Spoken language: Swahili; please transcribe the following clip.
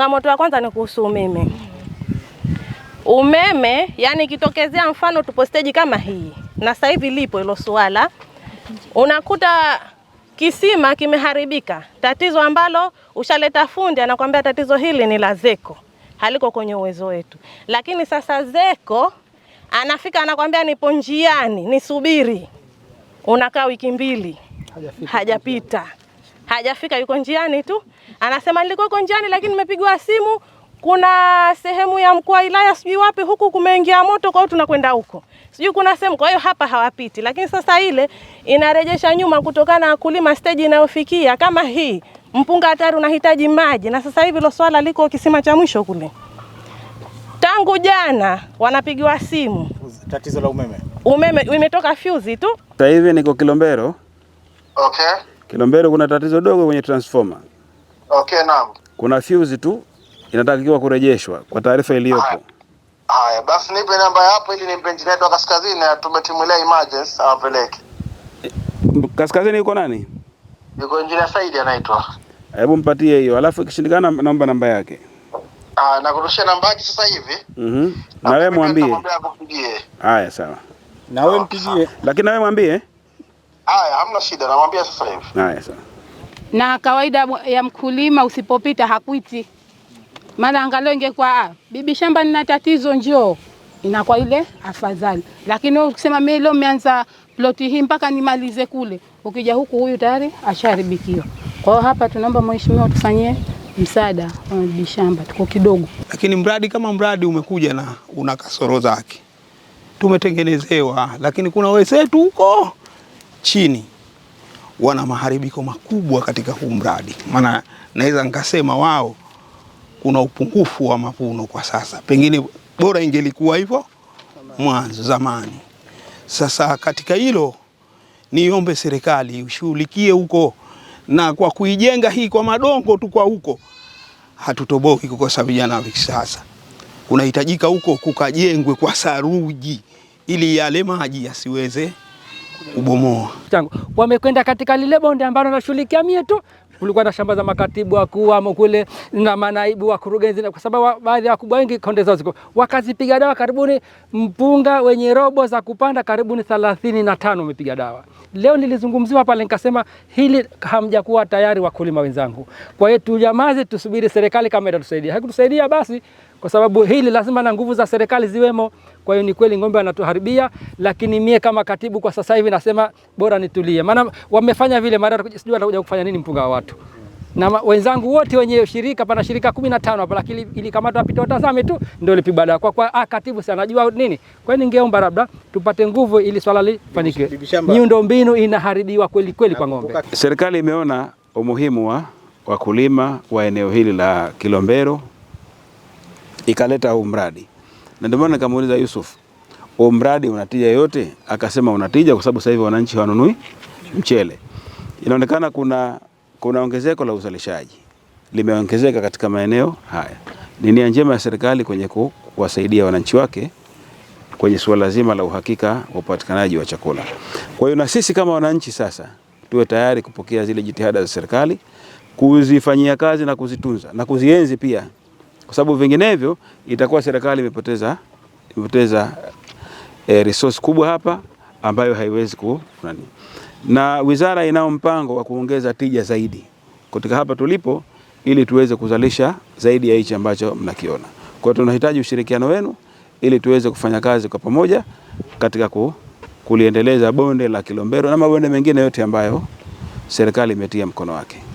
Changamoto ya kwanza ni kuhusu umeme. Umeme yani, ikitokezea mfano tupo steji kama hii, na sasa hivi lipo hilo suala, unakuta kisima kimeharibika, tatizo ambalo ushaleta fundi anakuambia tatizo hili ni la ZECO, haliko kwenye uwezo wetu. Lakini sasa ZECO anafika anakuambia nipo njiani, nisubiri. Unakaa wiki mbili hajapita, hajapita hajafika, yuko njiani tu. Anasema nilikuwa uko njiani, lakini nimepigwa simu, kuna sehemu ya mkoa wa wilaya sijui wapi huku kumeingia moto, kwa hiyo tunakwenda huko, sijui kuna sehemu, kwa hiyo hapa hawapiti. Lakini sasa ile inarejesha nyuma kutokana na kulima stage inayofikia kama hii, mpunga hatari unahitaji maji, na sasa hivi lo swala liko kisima cha mwisho kule tangu jana wanapigiwa simu, tatizo la umeme. Umeme imetoka fuse tu. Sasa hivi niko Kilombero. Okay. Kilombero kuna tatizo dogo kwenye transformer. Okay, naam. Kuna fuse tu inatakiwa kurejeshwa kwa taarifa iliyopo. Haya, basi nipe namba yapo ili nimpe engineer wa kaskazini atume timu ile emergency awapeleke. Eh, kaskazini yuko nani? Yuko engineer Said anaitwa. Hebu mpatie hiyo, alafu ikishindikana naomba namba yake. Ah, nakurushia namba yake sasa hivi. Mhm. Na wewe mwambie. Haya, sawa. Na wewe mpigie. Lakini na wewe mwambie Haya, hamna shida, namwambia sasa hivi. Haya sawa. Na kawaida ya mkulima usipopita hakuiti, maana angalau ingekuwa ah, bibi shamba, nina tatizo, njoo, inakuwa ile afadhali. Lakini wewe ukisema mimi leo nimeanza ploti hii mpaka nimalize kule, ukija huku huyu tayari ashaharibikiwa. Kwa hiyo hapa tunaomba mheshimiwa, tufanyie msaada wa bibi shamba, tuko kidogo. Lakini mradi kama mradi umekuja na una kasoro zake, tumetengenezewa, lakini kuna wezetu huko chini wana maharibiko makubwa katika huu mradi, maana naweza nikasema wao kuna upungufu wa mavuno kwa sasa, pengine bora ingelikuwa hivyo mwanzo zamani. Sasa katika hilo niombe serikali ushughulikie huko, na kwa kuijenga hii kwa madongo tu kwa huko hatutoboi kukosa vijana wa kisasa. Kunahitajika huko kukajengwe kwa saruji, ili yale maji yasiweze kubomoa Wamekwenda katika lile bonde ambalo nashughulikia mie tu, kulikuwa na shamba za makatibu wakuu ama kule na manaibu wakurugenzi, kwa sababu baadhi ya wakubwa wengi konde zao ziko, wakazipiga dawa karibuni mpunga wenye robo za kupanda karibuni thelathini na tano umepiga dawa. Leo nilizungumziwa pale nikasema hili hamjakuwa tayari, wakulima wenzangu. Kwa hiyo tujamaze, tusubiri serikali kama itatusaidia. Haikutusaidia basi kwa sababu hili lazima na nguvu za serikali ziwemo. Kwa hiyo ni kweli ng'ombe wanatuharibia, lakini mie kama katibu kwa sasa hivi nasema bora nitulie, maana wamefanya vile, mara sijui watakuja kufanya nini mpunga wa watu na wenzangu wote wenye shirika, pana shirika kumi hapa, lakini ilikamatwa pita watazame tu ndio lipiba dawa kwa kwa ah, katibu si anajua nini. Kwa hiyo ningeomba labda tupate nguvu ili swala lifanikiwe. Miundo mbinu inaharibiwa kweli kweli kwa ng'ombe. Serikali imeona umuhimu wa wakulima wa eneo hili la Kilombero ikaleta huu mradi, na ndio maana nikamuuliza Yusuf, huu mradi unatija yote? Akasema unatija kwa sababu sasa hivi wananchi hawanunui mchele, inaonekana kuna kuna ongezeko la uzalishaji limeongezeka katika maeneo haya. Ni nia njema ya serikali kwenye kuwasaidia wananchi wake kwenye suala zima la uhakika wa upatikanaji wa chakula. Kwa hiyo na sisi kama wananchi sasa tuwe tayari kupokea zile jitihada za serikali, kuzifanyia kazi na kuzitunza na kuzienzi pia kwa sababu vinginevyo itakuwa serikali imepoteza imepoteza e, resource kubwa hapa ambayo haiwezi ku nani. Na wizara inao mpango wa kuongeza tija zaidi kutoka hapa tulipo, ili tuweze kuzalisha zaidi ya hichi ambacho mnakiona. Kwa hiyo tunahitaji ushirikiano wenu ili tuweze kufanya kazi kwa pamoja katika ku, kuliendeleza bonde la Kilombero na mabonde mengine yote ambayo serikali imetia mkono wake.